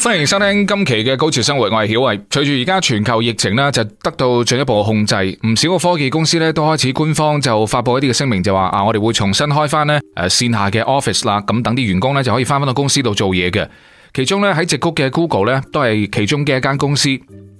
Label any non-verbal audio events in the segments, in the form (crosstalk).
歡迎收聽今期嘅高潮生活，我係曉慧。隨住而家全球疫情呢就得到進一步控制，唔少嘅科技公司咧都開始官方就發布一啲嘅聲明就，就話啊，我哋會重新開翻呢誒、呃、線下嘅 office 啦，咁等啲員工咧就可以翻翻到公司度做嘢嘅。其中咧喺矽谷嘅 Google 咧都係其中嘅一間公司。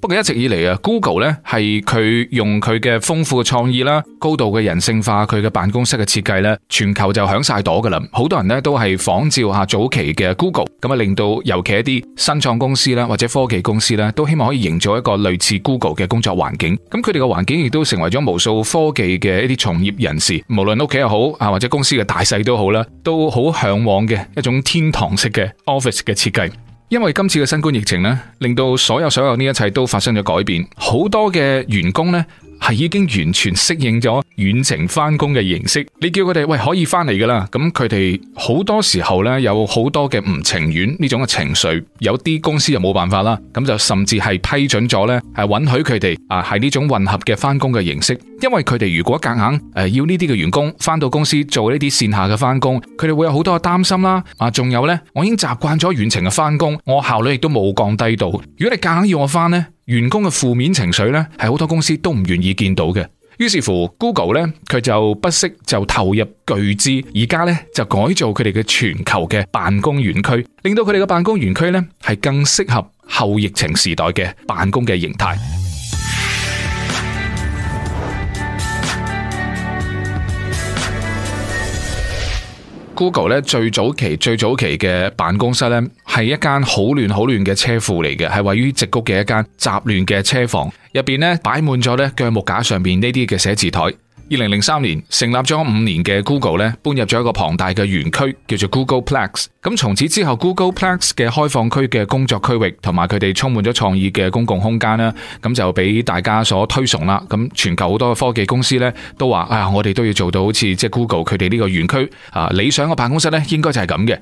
不過一直以嚟 Google 咧係佢用佢嘅豐富嘅創意啦，高度嘅人性化，佢嘅辦公室嘅設計咧，全球就響晒朵㗎啦，好多人咧都係仿照啊早期嘅 Google，咁啊令到尤其一啲新創公司啦或者科技公司咧，都希望可以營造一個類似 Google 嘅工作環境。咁佢哋個環境亦都成為咗無數科技嘅一啲從業人士，無論屋企又好啊或者公司嘅大細都好啦，都好嚮往嘅一種天堂式嘅 office 嘅設計。因為今次嘅新冠疫情呢，令到所有所有呢一切都發生咗改變，好多嘅員工呢係已經完全適應咗遠程返工嘅形式。你叫佢哋喂，可以返嚟㗎喇？咁佢哋好多時候呢有好多嘅唔情願呢種嘅情緒，有啲公司就冇辦法啦，咁就甚至係批准咗呢，係允許佢哋啊係呢種混合嘅返工嘅形式。因為佢哋如果夾硬誒要呢啲嘅員工返到公司做呢啲線下嘅返工，佢哋會有好多嘅擔心啦。啊，仲有呢，我已經習慣咗遠程嘅返工，我效率亦都冇降低到。如果你夾硬要我返呢，員工嘅負面情緒呢係好多公司都唔願意見到嘅。於是乎，Google 呢，佢就不惜就投入巨資，而家呢就改造佢哋嘅全球嘅辦公園區，令到佢哋嘅辦公園區呢係更適合後疫情時代嘅辦公嘅形態。Google 最早期最早期嘅辦公室咧，係一間好亂好亂嘅車庫嚟嘅，係位於直谷嘅一間雜亂嘅車房，入面咧擺滿咗咧鋸木架上面呢啲嘅寫字台二零零三年成立咗五年嘅 Google 咧，搬入咗一個龐大嘅園區，叫做 Googleplex。咁從此之後，Googleplex 嘅開放區嘅工作區域同埋佢哋充滿咗創意嘅公共空間啦，咁就俾大家所推崇啦。咁全球好多科技公司咧都話：啊、哎，我哋都要做到好似即係 Google 佢哋呢個園區啊，理想嘅辦公室咧，應該就係咁嘅。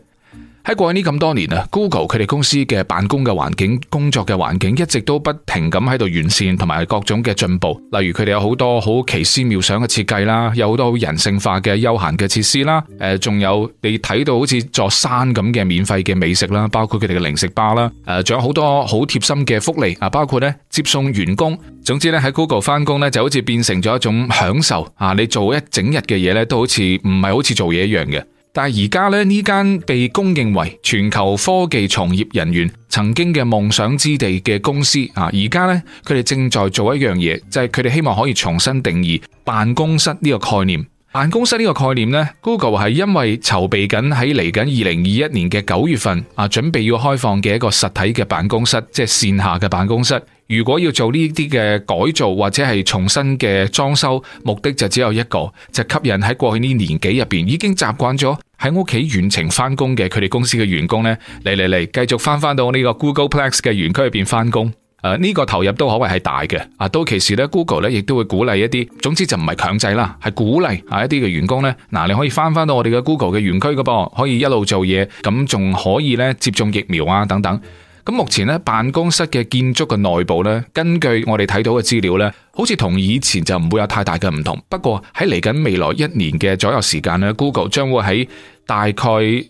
喺過去呢咁多年啊，Google 佢哋公司嘅辦公嘅環境、工作嘅環境一直都不停咁喺度完善同埋各種嘅進步。例如佢哋有好多好奇思妙想嘅設計啦，有好多人性化嘅休閒嘅設施啦。誒，仲有你睇到好似座山咁嘅免費嘅美食啦，包括佢哋嘅零食吧啦。誒，仲有好多好貼心嘅福利啊，包括咧接送員工。總之咧喺 Google 返工咧就好似變成咗一種享受啊！你做一整日嘅嘢咧都好似唔係好似做嘢一樣嘅。但係而家咧，呢間被公認為全球科技從業人員曾經嘅夢想之地嘅公司啊，而家呢，佢哋正在做一樣嘢，就係佢哋希望可以重新定義辦公室呢個概念。辦公室呢個概念呢，Google 係因為籌備緊喺嚟緊二零二一年嘅九月份啊，準備要開放嘅一個實體嘅辦公室，即係綫下嘅辦公室。如果要做呢啲嘅改造或者係重新嘅裝修，目的就只有一個，就吸引喺過去呢年幾入邊已經習慣咗喺屋企遠程翻工嘅佢哋公司嘅員工呢嚟嚟嚟，繼續翻翻到呢個 Googleplex 嘅園區入邊翻工。誒、啊、呢、呢個投入都可謂係大嘅。啊，到期時、Google、呢 Google 呢亦都會鼓勵一啲，總之就唔係強制啦，係鼓勵啊一啲嘅員工呢，嗱、啊、你可以翻翻到我哋嘅 Google 嘅園區噶噃，可以一路做嘢，咁仲可以呢接種疫苗啊等等。咁目前咧，辦公室嘅建築嘅內部咧，根據我哋睇到嘅資料咧，好似同以前就唔會有太大嘅唔同。不過喺嚟緊未來一年嘅左右時間咧，Google 將會喺大概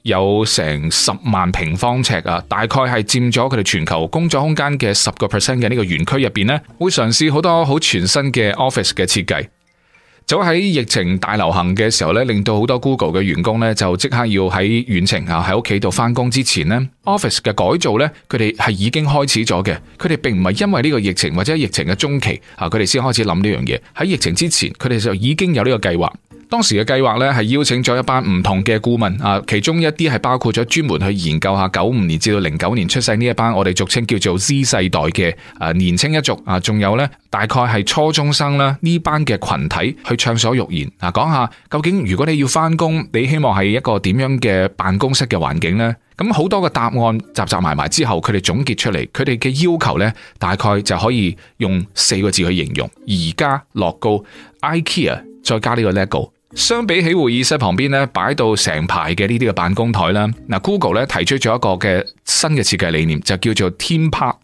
有成十萬平方尺啊，大概係佔咗佢哋全球工作空間嘅十個 percent 嘅呢個園區入邊咧，會嘗試好多好全新嘅 office 嘅設計。就喺疫情大流行嘅時候咧，令到好多 Google 嘅員工咧就即刻要喺遠程啊，喺屋企度翻工之前咧，office 嘅改造咧，佢哋係已經開始咗嘅。佢哋並唔係因為呢個疫情或者疫情嘅中期啊，佢哋先開始諗呢樣嘢。喺疫情之前，佢哋就已經有呢個計劃。當時嘅計劃咧，係邀請咗一班唔同嘅顧問啊，其中一啲係包括咗專門去研究下九五年至到零九年出世呢一班我哋俗稱叫做 Z 世代嘅啊年青一族啊，仲有呢，大概係初中生啦呢班嘅群體去暢所欲言啊，講下究竟如果你要翻工，你希望係一個點樣嘅辦公室嘅環境呢？咁好多個答案集集埋埋之後，佢哋總結出嚟，佢哋嘅要求呢，大概就可以用四個字去形容：而家樂高、IKEA 再加呢個 LEGO。相比起會議室旁邊咧，擺到成排嘅呢啲嘅辦公台啦，嗱 Google 咧提出咗一個嘅新嘅設計理念，就叫做 Team Pod。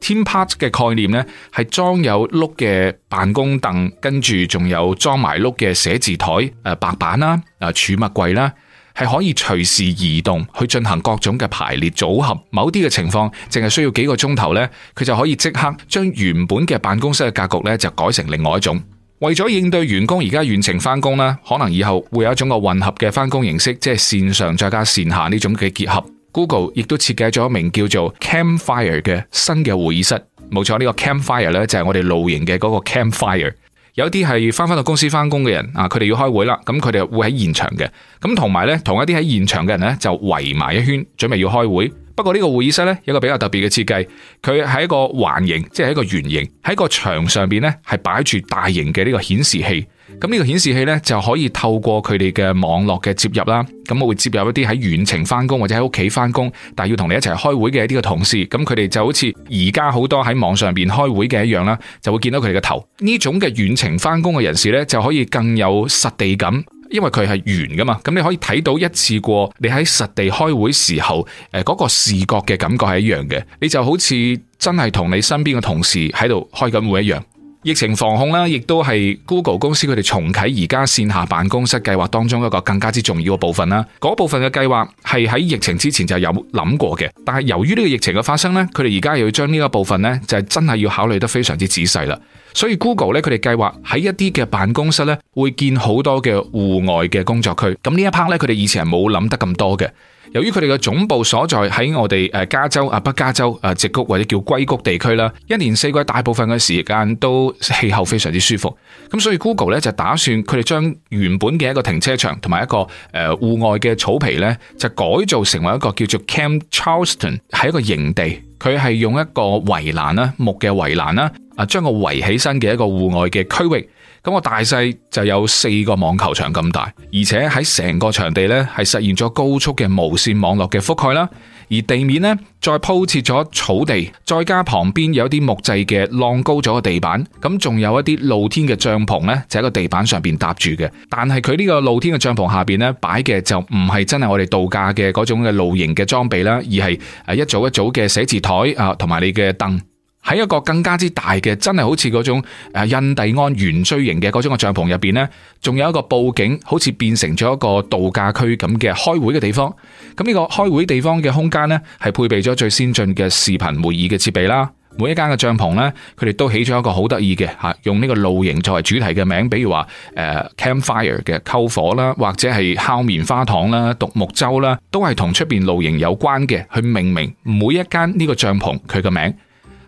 Team Pod 嘅概念咧係裝有碌嘅辦公凳，跟住仲有裝埋碌嘅寫字台、誒白板啦、啊儲物櫃啦，係可以隨時移動去進行各種嘅排列組合。某啲嘅情況，淨係需要幾個鐘頭咧，佢就可以即刻將原本嘅辦公室嘅格局咧就改成另外一種。為咗應對員工而家遠程翻工，呢，可能以後會有一種個混合嘅翻工形式，即係線上再加線下呢種嘅結合。Google 亦都設計咗一名叫做 Campfire 嘅新嘅會議室。冇錯，呢個 Campfire 呢就係我哋露營嘅嗰個 Campfire。有啲係翻翻到公司翻工嘅人啊，佢哋要開會啦，咁佢哋會喺現場嘅。咁同埋呢，同一啲喺現場嘅人呢，就圍埋一圈，準備要開會。不過呢個會議室呢，有個比較特別嘅設計，佢係一個環形，即係一個圓形，喺個牆上邊呢，係擺住大型嘅呢個顯示器。咁呢個顯示器呢，就可以透過佢哋嘅網絡嘅接入啦。咁我會接入一啲喺遠程翻工或者喺屋企翻工，但係要同你一齊開會嘅一啲個同事。咁佢哋就好似而家好多喺網上邊開會嘅一樣啦，就會見到佢哋嘅頭。呢種嘅遠程翻工嘅人士呢，就可以更有實地感。因為佢係圓噶嘛，咁你可以睇到一次過，你喺實地開會時候，誒、那、嗰個視覺嘅感覺係一樣嘅，你就好似真係同你身邊嘅同事喺度開緊會一樣。疫情防控啦，亦都係 Google 公司佢哋重啟而家線下辦公室計劃當中一個更加之重要嘅部分啦。嗰部分嘅計劃係喺疫情之前就有諗過嘅，但係由於呢個疫情嘅發生呢，佢哋而家又要將呢一部分呢，就係真係要考慮得非常之仔細啦。所以 Google 咧，佢哋計劃喺一啲嘅辦公室呢，會建好多嘅戶外嘅工作區。咁呢一 part 呢，佢哋以前係冇諗得咁多嘅。由於佢哋嘅總部所在喺我哋誒，加州啊，北加州啊矽谷，或者叫硅谷地區啦，一年四季大部分嘅時間都氣候非常之舒服，咁所以 Google 咧就打算佢哋將原本嘅一個停車場同埋一個誒，戶外嘅草皮咧，就改造成為一個叫做 Camp Charleston，係一個營地，佢係用一個圍欄啦，木嘅圍欄啦，啊將個圍起身嘅一個戶外嘅區域。咁我大細就有四個網球場咁大，而且喺成個場地呢係實現咗高速嘅無線網絡嘅覆蓋啦，而地面呢，再鋪設咗草地，再加旁邊有一啲木製嘅浪高咗嘅地板，咁仲有一啲露天嘅帳篷呢，就喺個地板上邊搭住嘅。但係佢呢個露天嘅帳篷下邊呢，擺嘅就唔係真係我哋度假嘅嗰種嘅露營嘅裝備啦，而係一組一組嘅寫字台啊，同埋你嘅凳。喺一個更加之大嘅，真係好似嗰種誒印第安圓錐形嘅嗰種嘅帳篷入邊呢，仲有一個布景，好似變成咗一個度假區咁嘅開會嘅地方。咁呢個開會地方嘅空間呢，係配備咗最先進嘅視頻會議嘅設備啦。每一間嘅帳篷呢，佢哋都起咗一個好得意嘅吓，用呢個露營作為主題嘅名，比如話誒、uh, Campfire 嘅篝火啦，或者係烤棉花糖啦、獨木舟啦，都係同出邊露營有關嘅，去命名每一間呢個帳篷佢嘅名。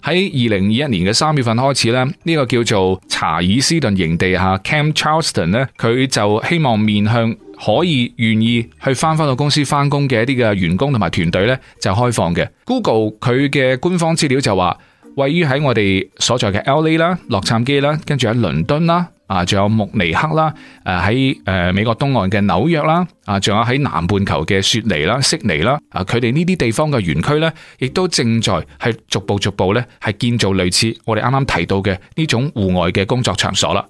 喺二零二一年嘅三月份開始咧，呢個叫做查爾斯頓營地嚇 Camp Charleston 咧，佢就希望面向可以願意去翻翻到公司翻工嘅一啲嘅員工同埋團隊咧，就開放嘅。Google 佢嘅官方資料就話，位於喺我哋所在嘅 LA 啦、洛杉磯啦，跟住喺倫敦啦。啊，仲有慕尼黑啦，誒喺誒美國東岸嘅紐約啦，啊仲有喺南半球嘅雪梨啦、悉尼啦，啊佢哋呢啲地方嘅園區咧，亦都正在係逐步逐步咧係建造類似我哋啱啱提到嘅呢種戶外嘅工作場所啦。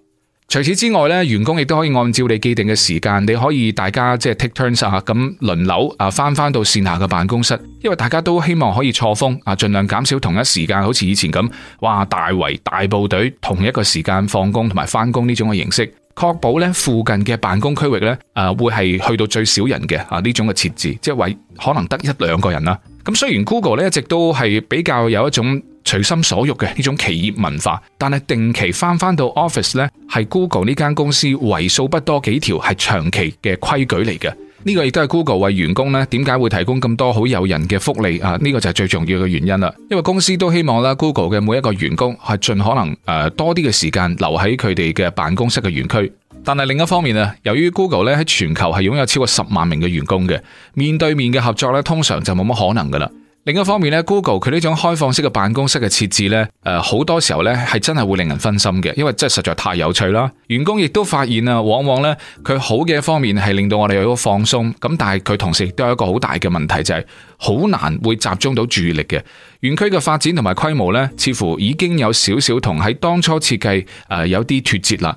除此之外咧，員工亦都可以按照你既定嘅時間，你可以大家即係 take turns 啊，咁輪流啊翻翻到線下嘅辦公室，因為大家都希望可以錯峰，啊，儘量減少同一時間，好似以前咁，哇大圍大部隊同一個時間放工同埋翻工呢種嘅形式，確保咧附近嘅辦公區域咧，誒會係去到最少人嘅啊呢種嘅設置，即係話可能得一兩個人啦。咁雖然 Google 咧一直都係比較有一種隨心所欲嘅呢種企業文化，但係定期返返到 office 呢，係 Google 呢間公司為數不多幾條係長期嘅規矩嚟嘅。呢、這個亦都係 Google 為員工咧，點解會提供咁多好誘人嘅福利啊？呢、這個就係最重要嘅原因啦。因為公司都希望啦，Google 嘅每一個員工係盡可能誒、呃、多啲嘅時間留喺佢哋嘅辦公室嘅園區。但係另一方面啊，由於 Google 咧喺全球係擁有超過十萬名嘅員工嘅，面對面嘅合作咧，通常就冇乜可能噶啦。另一方面咧，Google 佢呢種開放式嘅辦公室嘅設置咧，誒、呃，好多時候咧係真係會令人分心嘅，因為真係實在太有趣啦。員工亦都發現啊，往往咧佢好嘅一方面係令到我哋有一個放鬆，咁但係佢同時亦都有一個好大嘅問題，就係、是、好難會集中到注意力嘅。園區嘅發展同埋規模咧，似乎已經有少少同喺當初設計誒有啲脫節啦。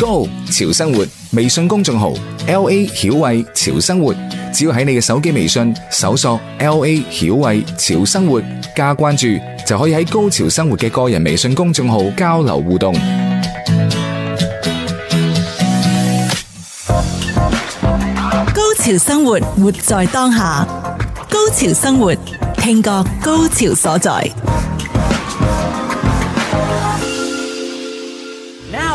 高潮生活微信公眾號，LA 曉慧潮生活，只要喺你嘅手機微信搜索 LA 曉慧潮生活加關注，就可以喺高潮生活嘅個人微信公眾號交流互動。高潮生活，活在當下；高潮生活，聽覺高潮所在。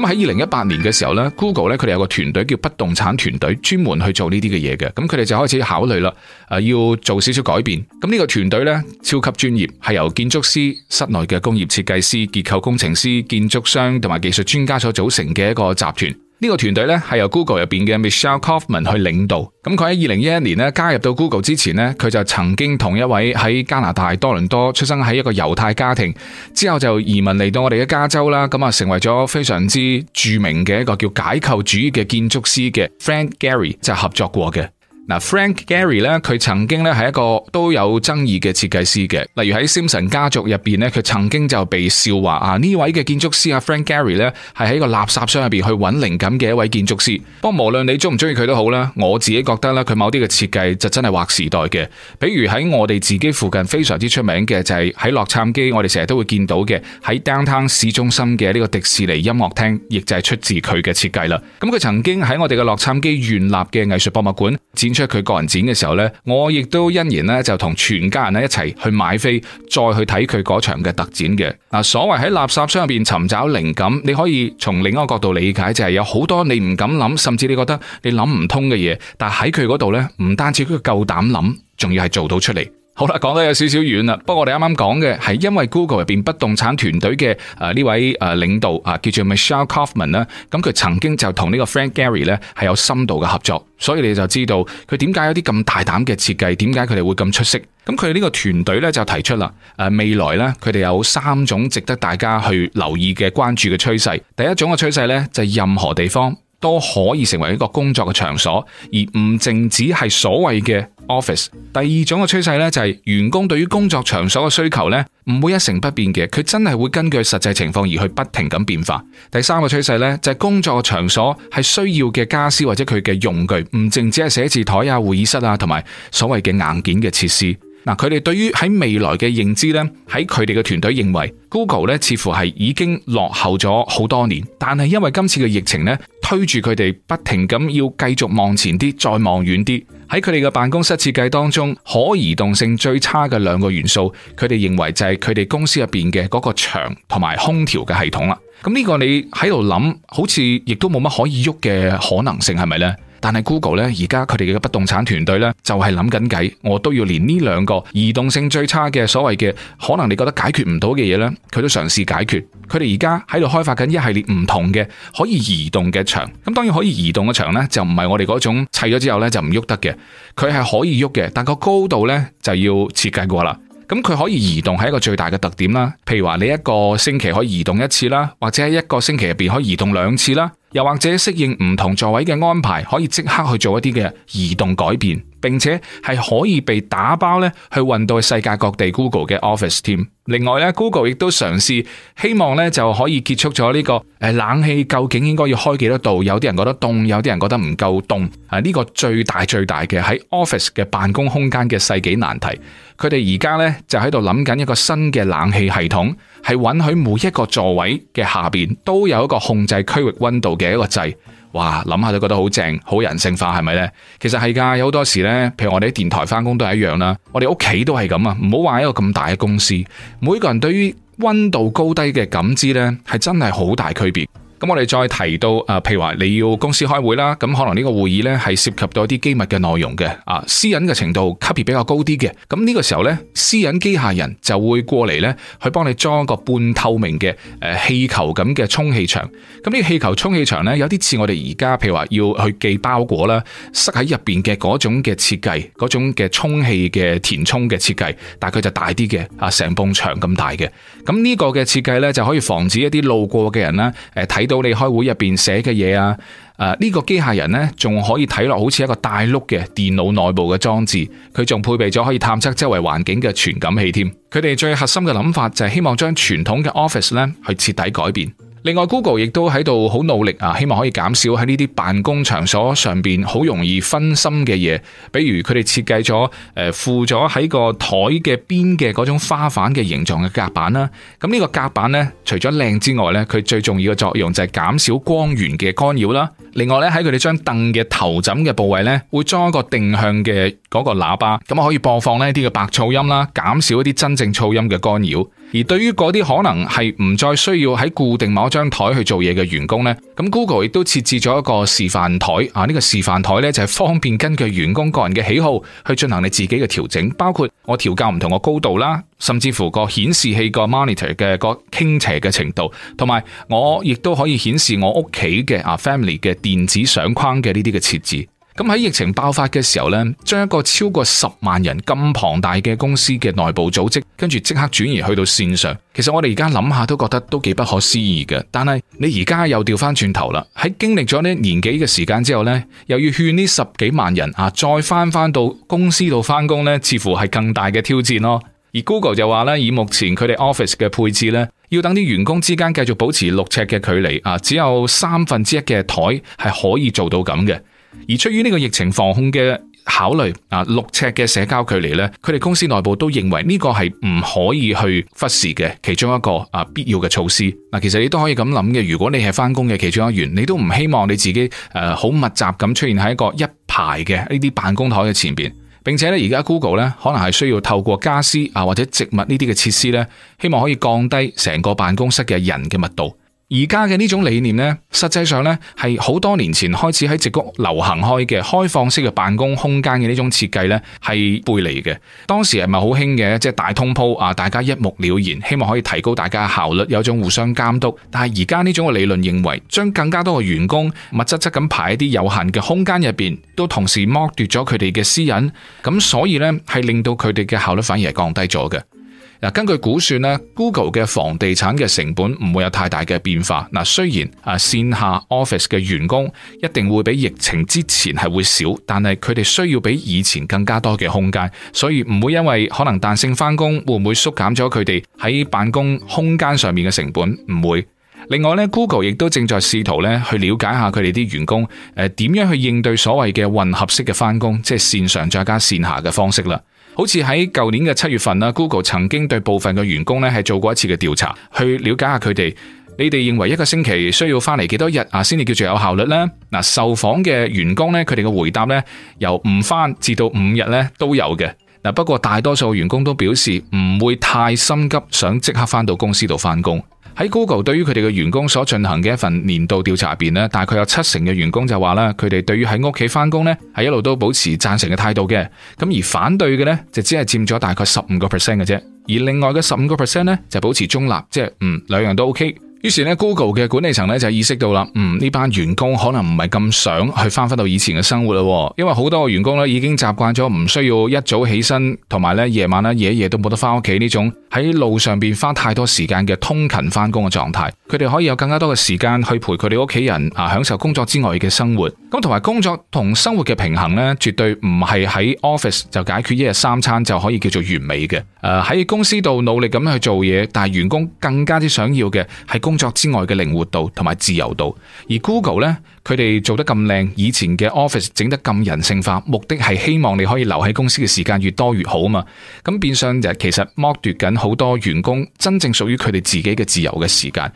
咁喺二零一八年嘅時候咧，Google 咧佢哋有個團隊叫不動產團隊，專門去做呢啲嘅嘢嘅。咁佢哋就開始考慮啦，誒，要做少少改變。咁呢個團隊呢，超級專業，係由建築師、室內嘅工業設計師、結構工程師、建築商同埋技術專家所組成嘅一個集團。呢個團隊咧係由 Google 入邊嘅 Michelle Kaufman 去領導，咁佢喺二零一一年咧加入到 Google 之前咧，佢就曾經同一位喺加拿大多倫多出生喺一個猶太家庭，之後就移民嚟到我哋嘅加州啦，咁啊成為咗非常之著名嘅一個叫解構主義嘅建築師嘅 Frank Gehry 就合作過嘅。嗱，Frank Gehry 咧，佢曾經咧係一個都有爭議嘅設計師嘅，例如喺《Simpson 家族》入邊咧，佢曾經就被笑話啊呢位嘅建築師啊 Frank Gehry 咧，係喺個垃圾箱入邊去揾靈感嘅一位建築師。不過無論你中唔中意佢都好啦，我自己覺得咧佢某啲嘅設計就真係劃時代嘅，比如喺我哋自己附近非常之出名嘅就係喺洛杉磯，我哋成日都會見到嘅喺 Downtown 市中心嘅呢個迪士尼音樂廳，亦就係出自佢嘅設計啦。咁佢曾經喺我哋嘅洛杉磯縣立嘅藝術博物館，出佢個人展嘅時候呢，我亦都欣然呢，就同全家人呢一齊去買飛，再去睇佢嗰場嘅特展嘅。嗱，所謂喺垃圾箱入邊尋找靈感，你可以從另一個角度理解，就係有好多你唔敢諗，甚至你覺得你諗唔通嘅嘢，但喺佢嗰度呢，唔單止佢夠膽諗，仲要係做到出嚟。好啦，講得有少少遠啦。不過我哋啱啱講嘅係因為 Google 入邊不動產團隊嘅誒呢位誒領導啊，叫做 Michelle Kaufman 啦。咁佢曾經就同呢個 Frank Gehry 咧係有深度嘅合作，所以你就知道佢點解有啲咁大膽嘅設計，點解佢哋會咁出色。咁佢呢個團隊咧就提出啦，誒未來咧佢哋有三種值得大家去留意嘅關注嘅趨勢。第一種嘅趨勢咧就係任何地方。都可以成為一個工作嘅場所，而唔淨止係所謂嘅 office。第二種嘅趨勢呢、就是，就係員工對於工作場所嘅需求呢，唔會一成不變嘅，佢真係會根據實際情況而去不停咁變化。第三個趨勢呢，就係工作嘅場所係需要嘅家私或者佢嘅用具，唔淨止係寫字台啊、會議室啊同埋所謂嘅硬件嘅設施。嗱，佢哋對於喺未來嘅認知呢，喺佢哋嘅團隊認為，Google 呢似乎係已經落後咗好多年。但係因為今次嘅疫情呢，推住佢哋不停咁要繼續望前啲，再望遠啲。喺佢哋嘅辦公室設計當中，可移動性最差嘅兩個元素，佢哋認為就係佢哋公司入邊嘅嗰個牆同埋空調嘅系統啦。咁呢個你喺度諗，好似亦都冇乜可以喐嘅可能性係咪呢？但係 Google 咧，而家佢哋嘅不動產團隊咧，就係諗緊計，我都要連呢兩個移動性最差嘅所謂嘅，可能你覺得解決唔到嘅嘢咧，佢都嘗試解決。佢哋而家喺度開發緊一系列唔同嘅可以移動嘅牆。咁當然可以移動嘅牆咧，就唔係我哋嗰種砌咗之後咧就唔喐得嘅，佢係可以喐嘅，但個高度咧就要設計過啦。咁佢可以移動係一個最大嘅特點啦，譬如話你一個星期可以移動一次啦，或者喺一個星期入邊可以移動兩次啦，又或者適應唔同座位嘅安排，可以即刻去做一啲嘅移動改變。並且係可以被打包咧，去運到世界各地 Google 嘅 office 添。另外咧，Google 亦都嘗試希望咧就可以結束咗呢個誒冷氣究竟應該要開幾多度？有啲人覺得凍，有啲人覺得唔夠凍。啊，呢個最大最大嘅喺 office 嘅辦公空間嘅世紀難題。佢哋而家咧就喺度諗緊一個新嘅冷氣系統，係允許每一個座位嘅下邊都有一個控制區域溫度嘅一個掣。哇，諗下都覺得好正，好人性化係咪呢？其實係噶，有好多時呢，譬如我哋喺電台翻工都係一樣啦。我哋屋企都係咁啊，唔好話一個咁大嘅公司，每個人對於温度高低嘅感知呢，係真係好大區別。咁我哋再提到，啊，譬如話你要公司開會啦，咁可能呢個會議咧係涉及到一啲機密嘅內容嘅，啊，私隱嘅程度級別比較高啲嘅，咁呢個時候咧，私隱機械人就會過嚟咧，去幫你裝一個半透明嘅誒氣球咁嘅充氣牆，咁呢個氣球充氣牆咧，有啲似我哋而家譬如話要去寄包裹啦，塞喺入邊嘅嗰種嘅設計嗰種嘅充氣嘅填充嘅設計，但係佢就大啲嘅，啊，成埲牆咁大嘅。咁呢個嘅設計咧，就可以防止一啲路過嘅人啦，誒睇。到你開會入邊寫嘅嘢啊！誒、啊，呢、呢個機械人呢，仲可以睇落好似一個大碌嘅電腦內部嘅裝置，佢仲配備咗可以探測周圍環境嘅傳感器添。佢哋最核心嘅諗法就係希望將傳統嘅 office 咧去徹底改變。另外，Google 亦都喺度好努力啊，希望可以減少喺呢啲辦公場所上邊好容易分心嘅嘢。比如佢哋設計咗誒附咗喺個台嘅邊嘅嗰種花瓣嘅形狀嘅隔板啦。咁呢個隔板咧，除咗靚之外咧，佢最重要嘅作用就係減少光源嘅干擾啦。另外咧，喺佢哋將凳嘅頭枕嘅部位咧，會裝一個定向嘅嗰個喇叭，咁啊可以播放呢啲嘅白噪音啦，減少一啲真正噪音嘅干擾。而對於嗰啲可能係唔再需要喺固定某張台去做嘢嘅員工呢，咁 Google 亦都設置咗一個示範台啊！呢個示範台呢，就係方便根據員工個人嘅喜好去進行你自己嘅調整，包括我調校唔同個高度啦，甚至乎個顯示器 mon 個 monitor 嘅個傾斜嘅程度，同埋我亦都可以顯示我屋企嘅啊 family 嘅電子相框嘅呢啲嘅設置。咁喺疫情爆發嘅時候呢，將一個超過十萬人咁龐大嘅公司嘅內部組織，跟住即刻轉移去到線上。其實我哋而家諗下都覺得都幾不可思議嘅。但係你而家又調翻轉頭啦，喺經歷咗呢年幾嘅時間之後呢，又要勸呢十幾萬人啊再翻翻到公司度翻工呢，似乎係更大嘅挑戰咯。而 Google 就話呢，以目前佢哋 Office 嘅配置呢，要等啲員工之間繼續保持六尺嘅距離啊，只有三分之一嘅台係可以做到咁嘅。而出於呢個疫情防控嘅考慮，啊，六尺嘅社交距離咧，佢哋公司內部都認為呢個係唔可以去忽視嘅其中一個啊，必要嘅措施。嗱，其實你都可以咁諗嘅，如果你係翻工嘅其中一員，你都唔希望你自己誒，好密集咁出現喺一個一排嘅呢啲辦公台嘅前邊，並且咧，而家 Google 咧，可能係需要透過家私啊，或者植物呢啲嘅設施咧，希望可以降低成個辦公室嘅人嘅密度。而家嘅呢種理念呢，實際上呢，係好多年前開始喺直谷流行開嘅開放式嘅辦公空間嘅呢種設計呢，係背離嘅。當時係咪好興嘅？即係大通鋪啊！大家一目了然，希望可以提高大家嘅效率，有種互相監督。但係而家呢種嘅理論認為，將更加多嘅員工密質質咁排喺啲有限嘅空間入邊，都同時剝奪咗佢哋嘅私隱。咁所以呢，係令到佢哋嘅效率反而係降低咗嘅。嗱，根據估算咧，Google 嘅房地產嘅成本唔會有太大嘅變化。嗱，雖然啊線下 office 嘅員工一定會比疫情之前係會少，但係佢哋需要比以前更加多嘅空間，所以唔會因為可能彈性返工會唔會縮減咗佢哋喺辦公空間上面嘅成本，唔會。另外咧，Google 亦都正在試圖咧去了解下佢哋啲員工，誒點樣去應對所謂嘅混合式嘅返工，即係線上再加線下嘅方式啦。好似喺舊年嘅七月份啦，Google 曾經對部分嘅員工咧係做過一次嘅調查，去了解下佢哋，你哋認為一個星期需要翻嚟幾多日啊，先至叫做有效率呢？嗱，受訪嘅員工咧，佢哋嘅回答咧，由唔翻至到五日咧都有嘅。嗱，不過大多數員工都表示唔會太心急，想即刻翻到公司度翻工。喺 Google 對於佢哋嘅員工，所進行嘅一份年度調查入面，大概有七成嘅員工就話呢，佢哋對於喺屋企返工呢，係一路都保持贊成嘅態度嘅。而反對嘅呢，就只係佔咗大概十五個 percent 嘅啫，而另外嘅十五個 percent 呢，就保持中立，即係嗯兩樣都 OK。於是呢，Google 嘅管理層咧就意識到啦，嗯，呢班員工可能唔係咁想去翻返到以前嘅生活咯，哦，因為好多嘅員工咧已經習慣咗唔需要一早起身，同埋咧夜晚咧夜夜都冇得翻屋企呢種喺路上邊花太多時間嘅通勤翻工嘅狀態。佢哋可以有更加多嘅時間去陪佢哋屋企人啊，享受工作之外嘅生活。咁同埋工作同生活嘅平衡咧，絕對唔係喺 office 就解決一日三餐就可以叫做完美嘅。誒、啊，喺公司度努力咁去做嘢，但係員工更加之想要嘅係工作之外嘅靈活度同埋自由度，而 Google 呢，佢哋做得咁靚，以前嘅 Office 整得咁人性化，目的係希望你可以留喺公司嘅時間越多越好啊嘛，咁變相就其實剝奪緊好多員工真正屬於佢哋自己嘅自由嘅時間。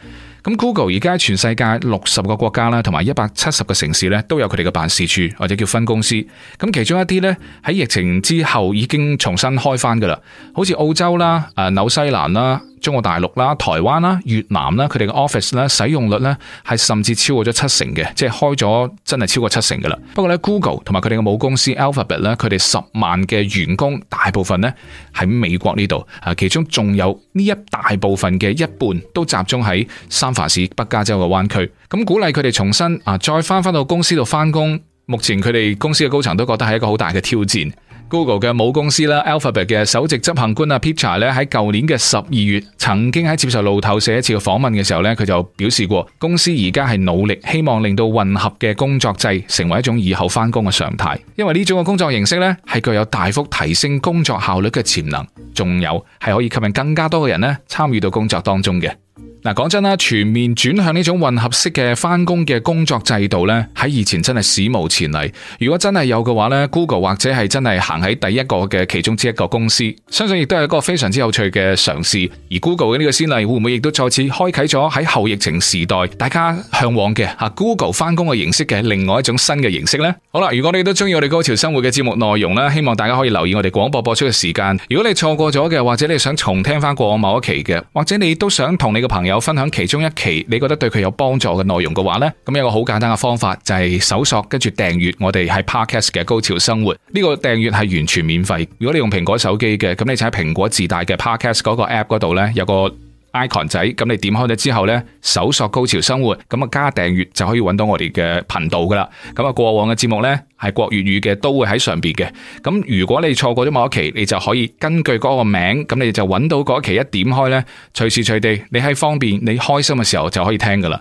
咁 Google 而家全世界六十個國家啦，同埋一百七十個城市咧，都有佢哋嘅辦事處或者叫分公司。咁其中一啲咧喺疫情之後已經重新開翻噶啦，好似澳洲啦、啊紐西蘭啦、中國大陸啦、台灣啦、越南啦，佢哋嘅 office 咧使用率咧係甚至超過咗七成嘅，即係開咗真係超過七成噶啦。不過咧，Google 同埋佢哋嘅母公司 Alphabet 咧，佢哋十萬嘅員工大部分咧喺美國呢度，啊，其中仲有呢一大部分嘅一半都集中喺三法市北加州嘅灣區，咁鼓勵佢哋重新啊，再翻翻到公司度翻工。目前佢哋公司嘅高層都覺得係一個好大嘅挑戰。Google 嘅母公司啦，Alphabet 嘅首席執行官啊，Pichai 咧喺舊年嘅十二月，曾經喺接受路透社一次嘅訪問嘅時候咧，佢就表示過，公司而家係努力希望令到混合嘅工作制成為一種以後翻工嘅常態，因為呢種嘅工作形式咧係具有大幅提升工作效率嘅潛能，仲有係可以吸引更加多嘅人咧參與到工作當中嘅。嗱，講真啦，全面轉向呢種混合式嘅翻工嘅工作制度呢，喺以前真係史無前例。如果真係有嘅話呢，Google 或者係真係行喺第一個嘅其中之一個公司，相信亦都係一個非常之有趣嘅嘗試。而 Google 嘅呢個先例，會唔會亦都再次開啟咗喺後疫情時代大家向往嘅吓 Google 翻工嘅形式嘅另外一種新嘅形式呢？好啦，如果你都中意我哋高潮生活嘅節目內容咧，希望大家可以留意我哋廣播播出嘅時間。如果你錯過咗嘅，或者你想重聽翻過往某一期嘅，或者你都想同你嘅朋友，有分享其中一期你覺得對佢有幫助嘅內容嘅話咧，咁有個好簡單嘅方法就係、是、搜索，跟住訂閱我哋係 Podcast 嘅高潮生活，呢、這個訂閱係完全免費。如果你用蘋果手機嘅，咁你就喺蘋果自帶嘅 Podcast 嗰個 App 度咧有個。icon 仔咁你點開咗之後呢，搜索高潮生活，咁啊加訂閱就可以揾到我哋嘅頻道噶啦。咁啊過往嘅節目呢，係國粵語嘅都會喺上邊嘅。咁如果你錯過咗某一期，你就可以根據嗰個名，咁你就揾到嗰一期一點開呢。隨時隨地你喺方便你開心嘅時候就可以聽噶啦。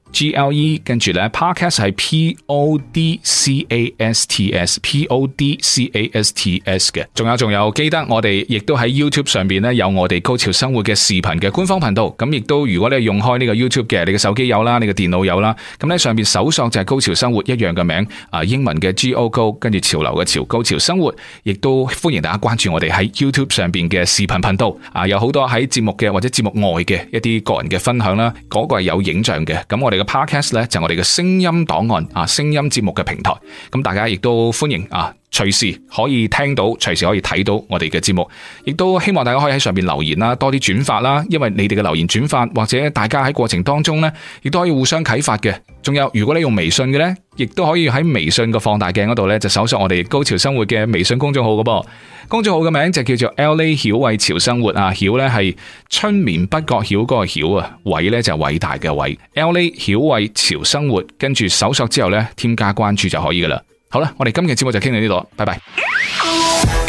G L E 跟住咧，podcast 係 p o d c a s t s, p o d c a s t 嘅。仲有仲有，記得我哋亦都喺 YouTube 上邊咧有我哋高潮生活嘅視頻嘅官方頻道。咁亦都，如果你用開呢個 YouTube 嘅，你嘅手機有啦，你嘅電腦有啦。咁咧上邊搜索就係高潮生活一樣嘅名啊，英文嘅 G O G，跟住潮流嘅潮，高潮生活亦都歡迎大家關注我哋喺 YouTube 上邊嘅視頻頻道啊，有好多喺節目嘅或者節目外嘅一啲個人嘅分享啦，嗰個係有影像嘅。咁我哋。個 podcast 咧就我哋嘅聲音檔案啊，聲音節目嘅平台，咁大家亦都歡迎啊，隨時可以聽到，隨時可以睇到我哋嘅節目，亦都希望大家可以喺上面留言啦，多啲轉發啦，因為你哋嘅留言轉發或者大家喺過程當中咧，亦都可以互相啟發嘅。仲有，如果你用微信嘅咧。亦都可以喺微信個放大鏡嗰度呢，就搜索我哋高潮生活嘅微信公眾號噶噃，公眾號嘅名就叫做 LA 曉慧潮生活啊，曉呢係春眠不覺曉嗰個曉啊，偉呢就偉大嘅偉，LA 曉慧潮生活，跟住搜索之後呢，添加關注就可以噶啦。好啦，我哋今日節目就傾到呢度，拜拜。 (noise)